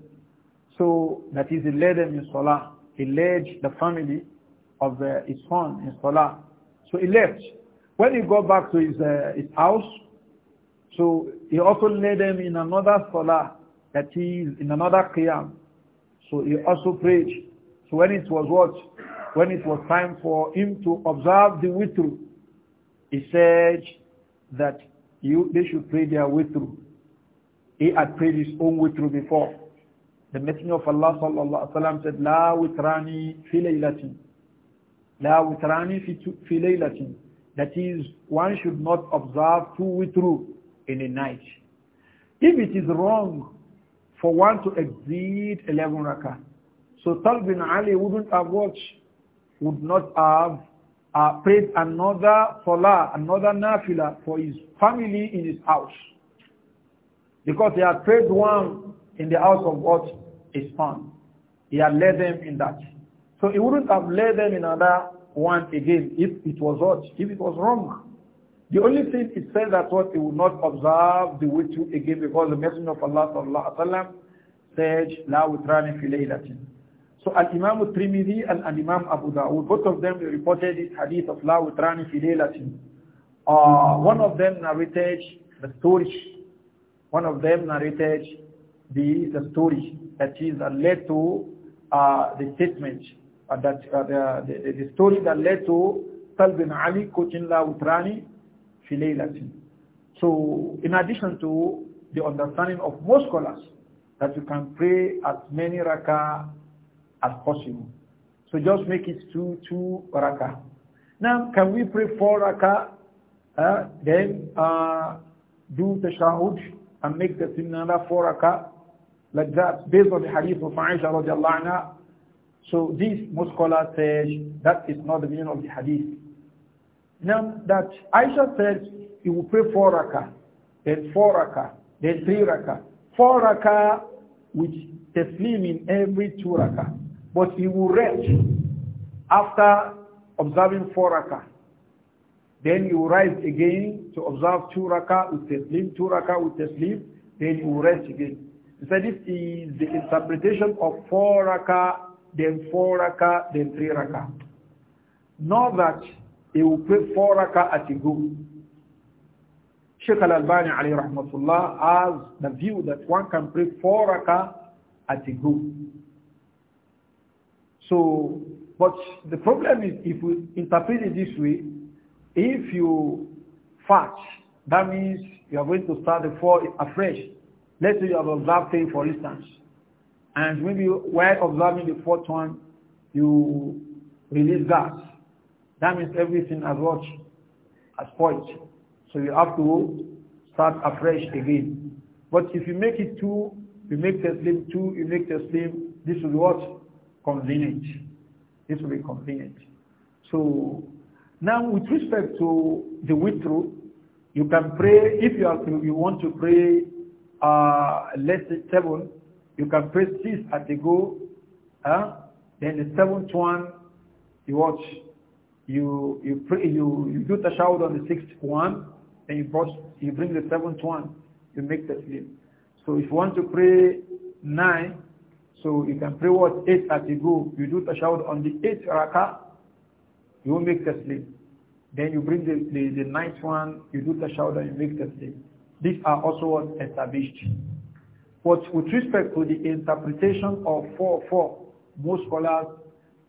So that is he led them in Salah. He led the family of uh, his son in Salah. So he left. When he got back to his, uh, his house, so he also led them in another Salah, that is in another Qiyam. So he also prayed. So when it was what? When it was time for him to observe the witr, he said that you, they should pray their witr. He had prayed his own witr before. The Messenger of Allah sallallahu said, "La witrani fi laylatin." La witrani fi laylatin. That is, one should not observe two witru in a night. If it is wrong for one to exceed 11 rakah, so Tal bin Ali wouldn't have watched, would not have uh, prayed another salah, another nafila for his family in his house. Because they had prayed one in the house of what is found. He had led them in that. So he wouldn't have led them in another one again if it was what? If it was wrong. The only thing it says that what he would not observe the way to again because the Messenger of Allah sallallahu wa wasallam said, "La utrani fi laylatin." So Al Imam Trimidi and Al Imam Abu Dawud, both of them reported this hadith of La utrani fi laylatin. Uh, one of them narrated the story. One of them narrated the, the story that is uh, led to uh, the statement uh, that uh, the, the, the, story that led to Talb bin Ali coaching La Utrani Filaylatin. So in addition to the understanding of most scholars that you can pray as many raka as possible. So just make it two, two raka. Now can we pray four raka? uh, then uh, do the shahud and make the sunnah four raka like that based on the hadith of Aisha radiallahu anha. So this most scholars say that is not the meaning of the hadith. Now that Aisha said he will pray four rakah, then four rakah, then three rakah, four rakah which sleep in every two rakah. But he will rest after observing four rakah. Then you rise again to observe two rakah with sleep, two rakah with sleep. then you rest again. He said this is the interpretation of four raka, then four raka, then three raka. Not that he will pray four raka at a go. Sheikh Al-Albani alayhi rahmatullah has the view that one can pray four raka at a go. So, but the problem is if we interpret it this way, if you fast, that means you are going to start the four afresh. Let's say you have observed 10, for instance, and maybe while observing the fourth one, you release gas. That means everything has what? Has spoiled. So you have to start afresh again. But if you make it two, you make the Teslim two, you make the Teslim, this will be what? Convenient. This will be convenient. So now with respect to the withdrawal, you can pray, if you, are, you want to pray uh, let seven, you can press six at the go. Huh? Then the seventh one, you watch, you you pray, you you do shout on the sixth one, then you you bring the seventh one, you make the sleep. So if you want to pray nine, so you can pray what eight at the go. You do the shout on the eighth rakah, you make the sleep. Then you bring the, the, the ninth one, you do the shout and you make the sleep. These are also established. But with respect to the interpretation of 4-4, most scholars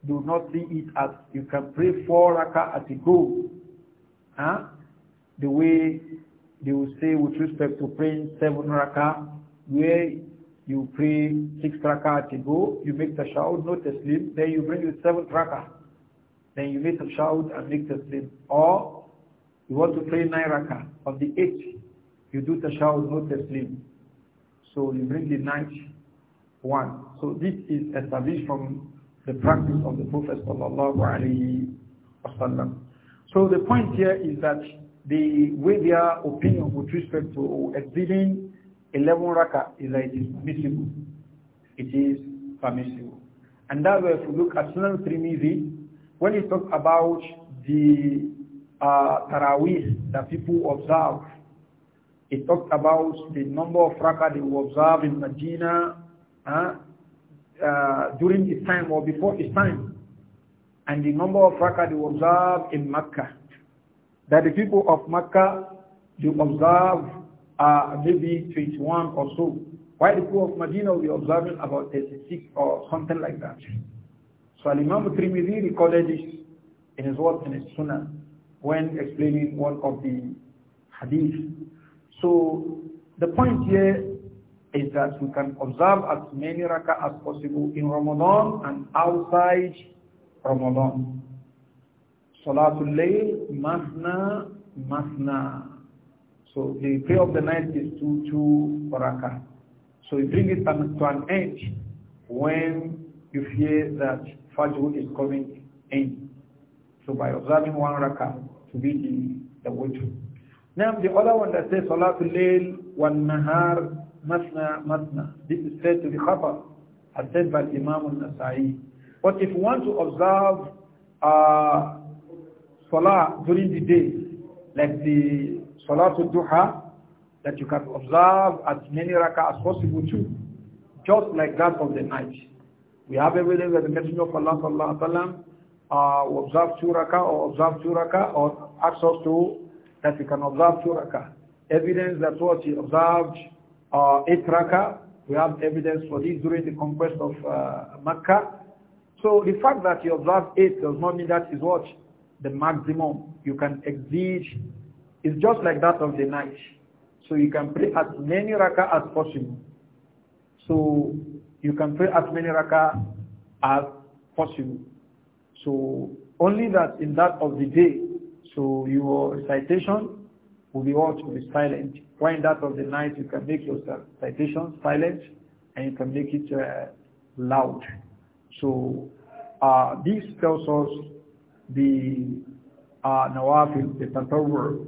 do not see it as you can pray 4 rakah as a go. Huh? The way they will say with respect to praying 7 rakah, where you pray 6 rakah at a go, you make the shout, no taslim, then you bring your 7 rakah. Then you make the shout and make the taslim. Or you want to pray 9 rakah of the 8 you do tashahud, no taslim. So you bring the ninth one. So this is established from the practice of the Prophet sallallahu So the point here is that the way their opinion with respect to exceeding 11 rakah is that it is permissible. It is permissible. And that way if you look at Sunan Trimizi, when he talks about the uh, tarawih that people observe it talked about the number of rakah they will observe in Medina uh, uh, during his time or before his time, and the number of rakah they will observe in Mecca. That the people of Mecca they observe uh, maybe 21 or so, while the people of Medina will be observing about 36 or something like that. So Imam Trimidi recorded this in his work in his Sunnah when explaining one of the hadith so the point here is that we can observe as many rak'ah as possible in Ramadan and outside Ramadan. Salatul Layl, Mahna, Mahna. So the prayer of the night is two, two rak'ah. So you bring it to an end when you fear that Fajr is coming in. So by observing one rak'ah to be the, the to. Now the other one that says Salatul Layl wal Nahar Masna Masna. This is said to be Khabar, as said by Imam al-Nasai. But if you want to observe uh, Salah during the day, like the Salatul Duha, that you can observe as many rakah as possible too, just like that of the night. We have evidence that the Messenger of Allah sallallahu alaihi wasallam uh, observe two rakah or observe two rakah or asks us to that you can observe two Evidence that what you observed uh, eight raka. We have evidence for this during the conquest of uh, Makkah. So the fact that you observe eight does not mean that is what? The maximum. You can exceed. It's just like that of the night. So you can pray as many raka as possible. So you can pray as many raka as possible. So only that in that of the day, so your recitation will be what? to be silent. When that of the night, you can make your citation silent and you can make it uh, loud. So uh, this tells us the uh, nawafil, the tatawwur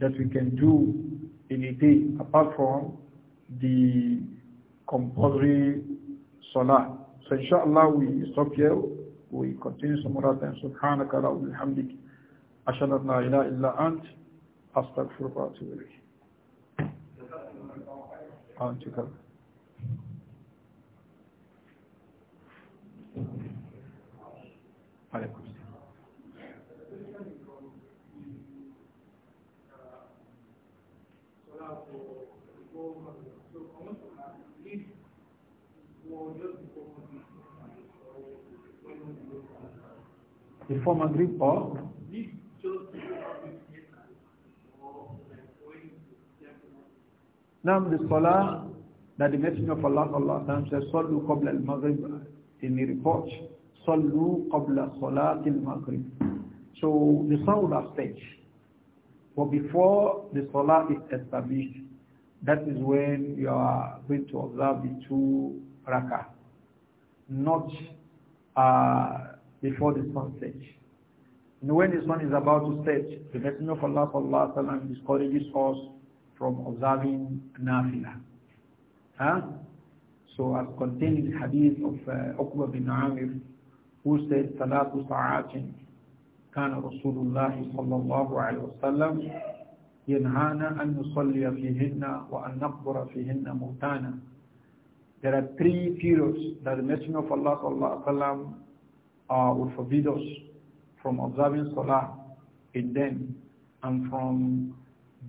that we can do in a day apart from the compulsory salah. So inshallah we stop here. We continue some other time. Subhanaka wa bihamdika. أشهد أن لا إله إلا أنت أستغفرك وأتوب إليك أنت كذا عليكم Before Maghrib Now the salah that the Messenger of Allah Allah alaihi says, "Sallu qabla al-maghrib." In the report, "Sallu qabla salat al-maghrib." So the salah stage for before the salah is established, that is when you are going to observe the two raka. not uh, before the sun stage. And when the sun is about to set, the Messenger of Allah sallallahu is wasallam discourages us from observing nafila. Huh? So as contained in the hadith of uh, bin Amir, who said, Salatu sa'atin كان رسول الله صلى الله عليه وسلم ينهانا أن نصلي فيهن وأن نقبر فيهن موتانا There are three periods that the Messenger of Allah sallallahu alaihi uh, will forbid us from observing salah in them and from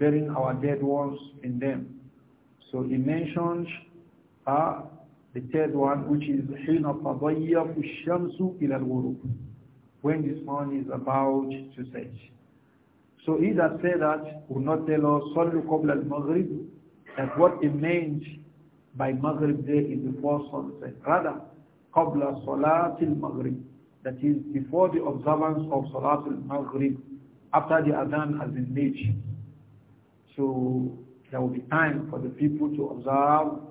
Bearing our dead ones in them. So he mentions uh, the third one, which is حِينَ تَضَيَّفُ الشَّمْسُ إِلَى الْغُرُوبِ When the sun is about to set. So he that said that will not tell us صَلُّ قَبْلَ الْمَغْرِبِ that what he meant by Maghrib day is before sunset. Rather, قَبْلَ صَلَاةِ الْمَغْرِبِ That is, before the observance of Salatul Maghrib, after the Adhan has been made. So there will be time for the people to observe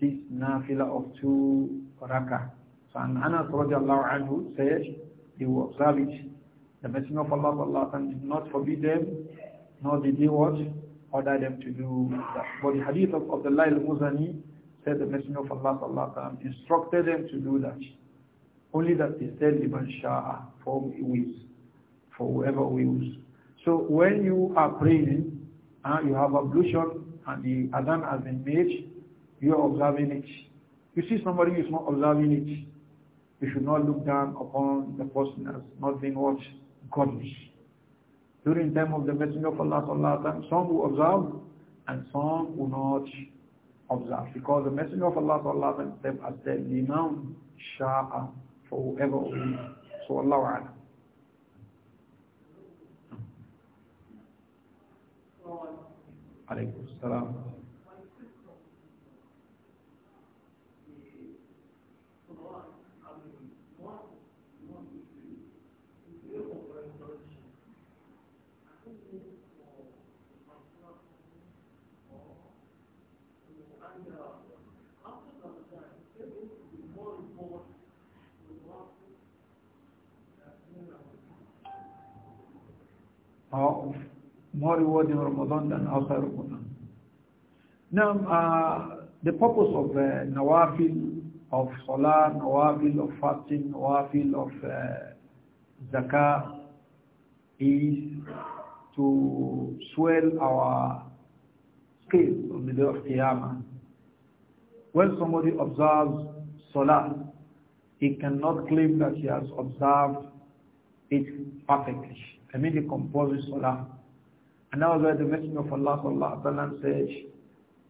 this nafila of two rakah. So and Anas radiallahu anhu said, they will observe it. The Messenger of Allah sallallahu did not forbid them, nor did he what? Order them to do that. But the hadith of Abdullah al-Muzani said the Messenger of Allah sallallahu instructed them to do that. Only that they said, liman sha'a, for who wills, for whoever wills. So when you are praying, you have ablution and the adhan has been made, you are observing it. You see somebody is not observing it, you should not look down upon the person as not being what? Godly. During time of the Messenger of Allah, Allah some will observe and some will not observe. Because the Messenger of Allah, Allah has the Imam Sha'a, for whoever will. So Allah عليكم السلام more reward in Ramadan than outside Ramadan. Now, uh, the purpose of uh, nawafil, of salah, nawafil, of fasting, nawafil, of uh, zakah is to swell our scale on the day of Qiyamah. When somebody observes salah, he cannot claim that he has observed it perfectly. I mean the composite salah. And that the Messenger of Allah sallallahu alayhi wa sallam said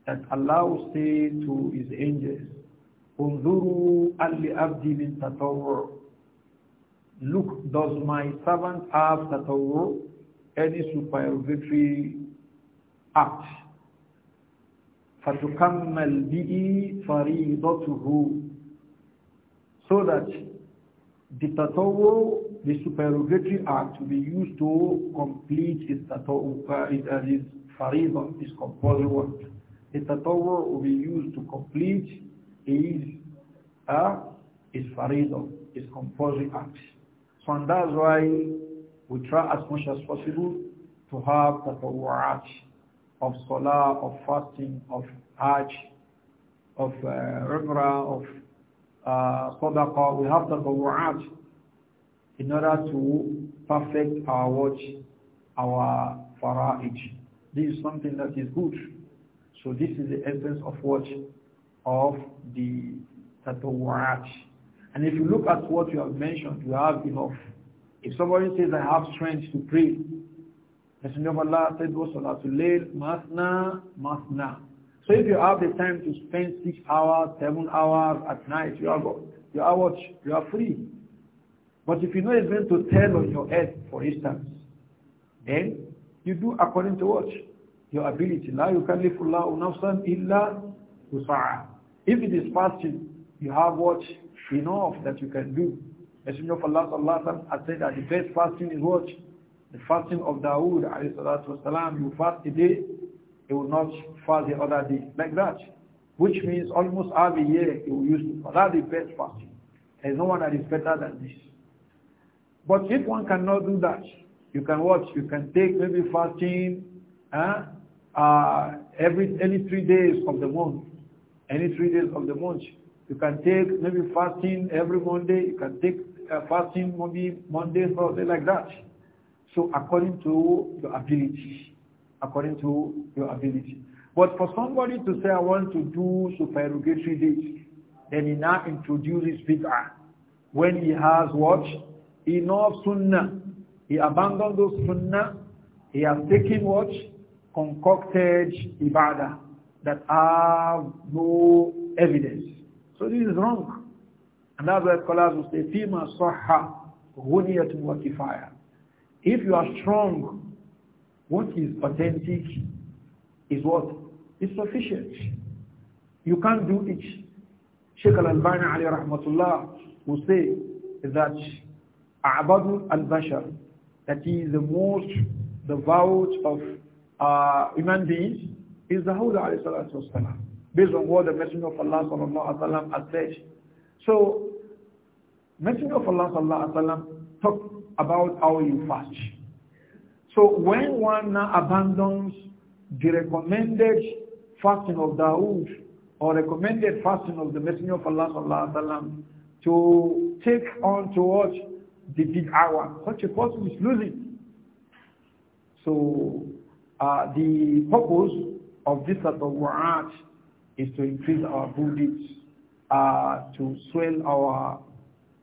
that Allah will say to his angels, Unzuru alli abdi min tatawwur. Look, does my servant have tatawwur? Any supererogatory act. فَتُكَمَّلْ بِهِ فَرِيضَتُهُ So that the tatawwur the supererogatory act to be used to complete its its faridah, its compulsory work. Its tatawwur will be used to complete his, uh, his faridah, his compulsory act. So and that's why we try as much as possible to have tatawwurat of salah, of fasting, of hajj, of uh, umrah, of uh, sadaqah. We have tatawwurat in order to perfect our watch, our fara'ij. This is something that is good. So this is the essence of watch of the tatawwa'at. And if you look at what you have mentioned, you have enough. If somebody says, I have strength to pray, Messenger of Allah said, Salatul Layl, Masna, Masna. So if you have the time to spend six hours, seven hours at night, you are, you are, watch. You are free. But if you know it's going to tell on your head, for instance, then you do according to what? Your ability. La Allah. nafsan illa usa'a. If it is fasting, you have what? Enough that you can do. Messenger of Allah sallallahu alaihi wasallam said that the best fasting is what? The fasting of Dawood alayhi salatu wasalam. You fast a day, you will not fast the other day. Like that. Which means almost every year you will use it. that's the best fasting. There is no one that is better than this. But if one cannot do that, you can watch, you can take maybe fasting uh, uh, every any three days of the month. Any three days of the month. You can take maybe fasting every Monday. You can take uh, fasting maybe Monday, Thursday, like that. So according to your ability. According to your ability. But for somebody to say, I want to do supererogatory days, then he now introduces bid'ah. When he has what? He knows sunnah. He abandoned those sunnah. He has taken what? Concocted ibadah that have no evidence. So this is wrong. And that's why scholars will say, فِيمَا صَحَّ غُنِيَةٌ وَكِفَايَةٌ If you are strong, what is authentic is what is sufficient. You can't do it. Sheikh Al-Albani alayhi rahmatullah will say that Abadu al-Bashar, that is the most devout of uh, human beings, is the Hawla alayhi salatu based on what the Messenger of Allah sallallahu alayhi wasallam sallam has said. So, Messenger of Allah sallallahu alayhi wasallam talked about how you fast. So when one abandons the recommended fasting of Dawood or recommended fasting of the Messenger of Allah sallallahu alaihi wasallam to take on towards the big hour. Such a person is losing. So uh, the purpose of this tatawwa'at is to increase our budgets, uh, to swell our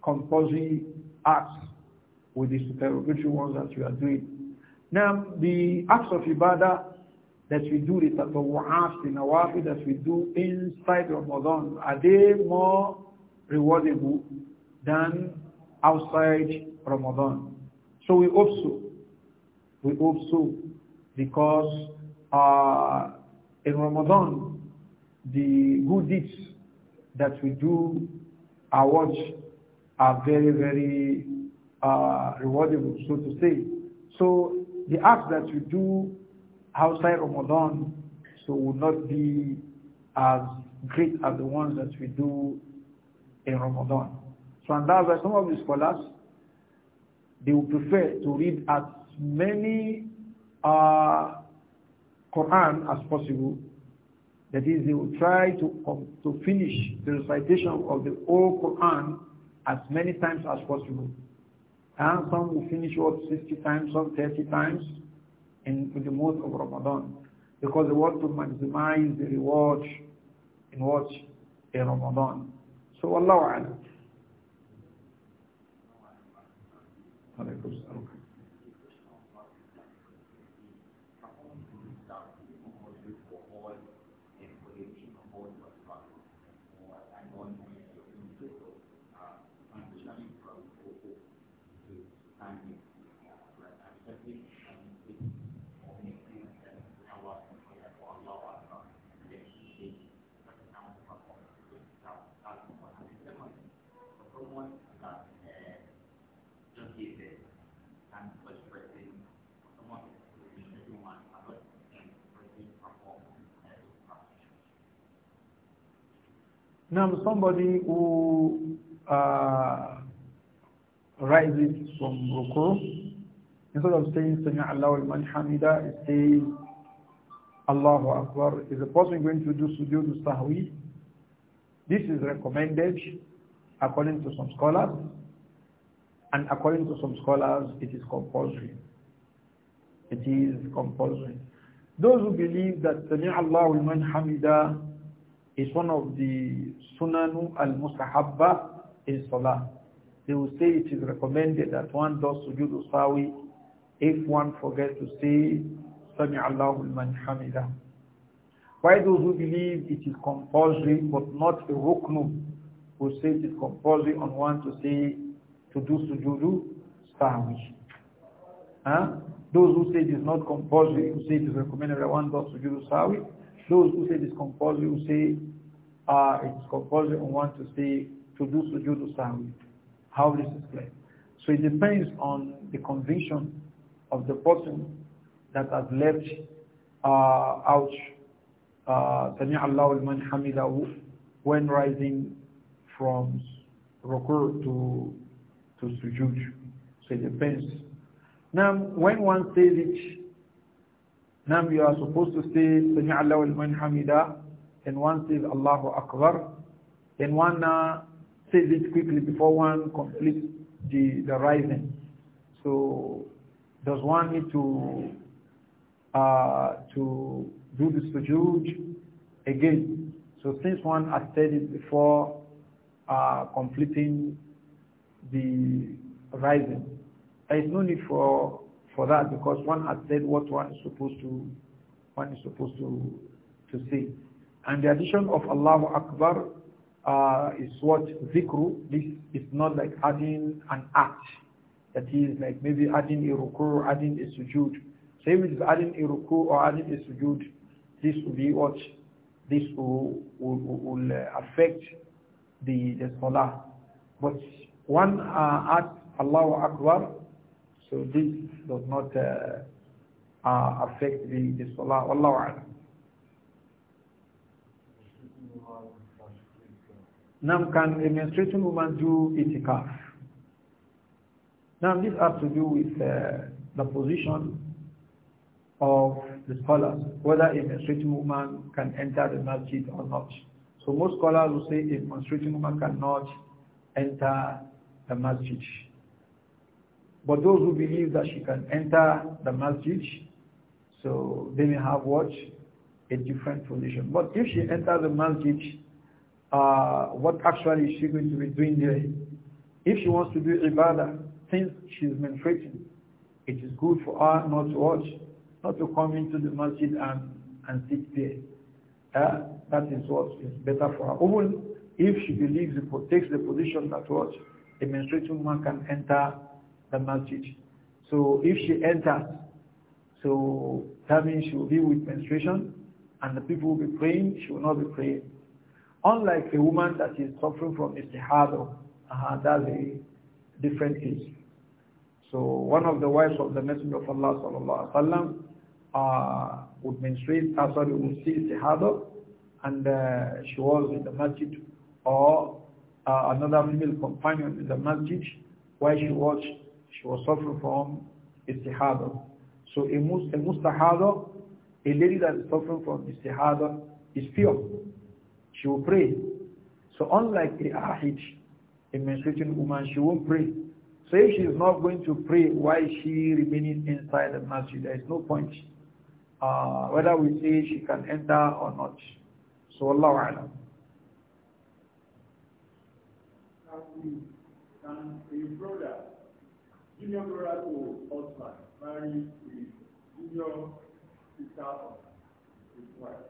composing acts with the supererogatory ones that we are doing. Now, the acts of ibadah that we do, the tatawwa'at, in nawafi that we do inside Ramadan, are they more rewardable than outside Ramadan. So we hope so. We hope so because uh, in Ramadan, the good deeds that we do our watch are very, very uh, rewardable, so to say. So the acts that we do outside Ramadan so will not be as great as the ones that we do in Ramadan and that's why some of the scholars, they would prefer to read as many uh, Quran as possible. That is, they will try to, um, to finish the recitation of the whole Quran as many times as possible. And some will finish what 60 times, some 30 times in, in the month of Ramadan. Because they want to maximize the reward in what? In Ramadan. So Allah Alam. Gracias. Now, somebody who uh, rises from ruku, instead of saying Sami allahu al Hamida, it says Allahu Akbar. Is a person going to do sujood sahwi? This is recommended according to some scholars, and according to some scholars, it is compulsory. It is compulsory. Those who believe that Sami allahu al Hamida it's one of the sunanu al-mustahabba in salah. They will say it is recommended that one does sujudu sawi if one forgets to say Sami Allahu liman hamida. Why those who believe it is compulsory but not a ruknu who say it is compulsory on one to say to do sujudu sawi. Huh? Those who say it is not compulsory who say it is recommended that one does sujudu sawi. Those who say this compulsory will say uh, it's compulsory and want to say to do sujood sahwi. How this is played. So it depends on the conviction of the person that has left uh, out the uh, Allahu al-man hamidahu when rising from rukur to to sujood. So it depends. Now, when one says it now you are supposed to say Sami Allahu liman hamida and one says Allahu Akbar and one uh, says it quickly before one completes the, the rising. So does one need to uh, to do the sujood again? So since one has said it before uh, completing the rising, there is no need for for that because one has said what one is supposed to one is supposed to to say. And the addition of Allahu Akbar uh, is what zikru. This is not like adding an act. That is like maybe adding a ruku, adding a sujud. Same if adding a ruku or adding a sujud, this will be what this will, will, will uh, affect the the salah. But one uh, adds Allahu Akbar so this does not uh, uh, affect the, the salah. Wallahu a'lam. Now, can a menstruating woman do itikaf? Now, this has to do with uh, the position of the scholars, whether a menstruating woman can enter the masjid or not. So most scholars will say a menstruating woman cannot enter the masjid. But those who believe that she can enter the masjid, so they may have what? A different position. But if she enters the masjid, uh, what actually is she going to be doing there? If she wants to do ibadah, since she is menstruating, it is good for her not to watch, not to come into the masjid and, and sit there. Uh, that is what is better for her. Even if she believes it takes the position that what a menstruating woman can enter the masjid. So if she enters, so that means she will be with menstruation and the people will be praying, she will not be praying. Unlike a woman that is suffering from istihada, uh, uh-huh, that's a different case. So one of the wives of the Messenger of Allah sallallahu alaihi wasallam uh, would menstruate, uh, sorry, would see istihada and uh, she was in the masjid or uh, another female companion in the masjid while she watched she was suffering from istihada. So a, a mustahada, a lady that is suffering from istihada, is pure. She will pray. So unlike a ahid, a menstruating woman, she won't pray. So if she is not going to pray, why is she remaining inside the masjid? There is no point. Uh, whether we say she can enter or not. So Allah Alam. Um, brother Junior brother to husband married his junior sister of his wife.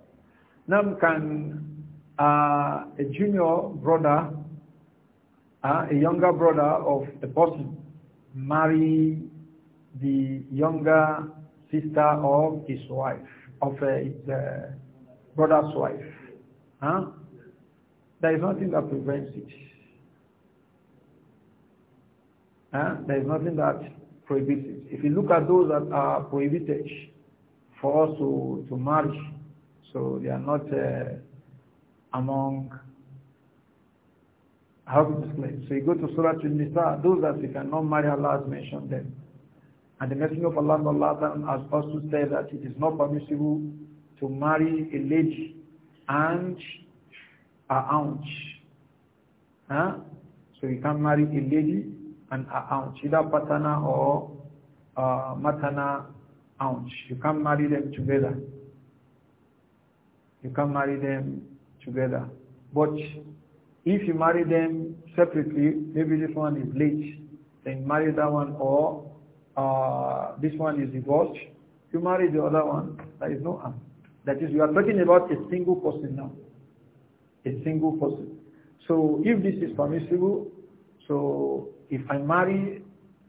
Now can uh, a junior brother, uh, a younger brother of a person marry the younger sister of his wife, of uh, his uh, brother's wife? Huh? There is nothing that prevents it. Huh? There is nothing that prohibits it. If you look at those that are prohibited for us to, to marry, so they are not uh, among how to explain. So you go to Surah Al-Nisa, those that we cannot marry, Allah has mentioned them. And the Messenger of Allah, Allah has also said that it is not permissible to marry a lady and a aunt. Huh? So you can't marry a lady an ounce either patana or uh, matana aunt. You can't marry them together. You can't marry them together. But if you marry them separately, maybe this one is late, then marry that one, or uh, this one is divorced, you marry the other one, there is no harm. That is, you are talking about a single person now. A single person. So if this is permissible, so if I marry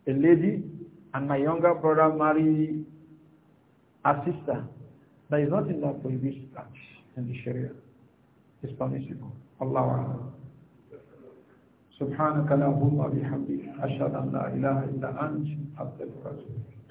a lady and my younger brother marry a sister, there is nothing that prohibits that in the Sharia. It's permissible. Allah سبحانك لا هم بحمدك أشهد أن لا إله إلا أنت أستغفرك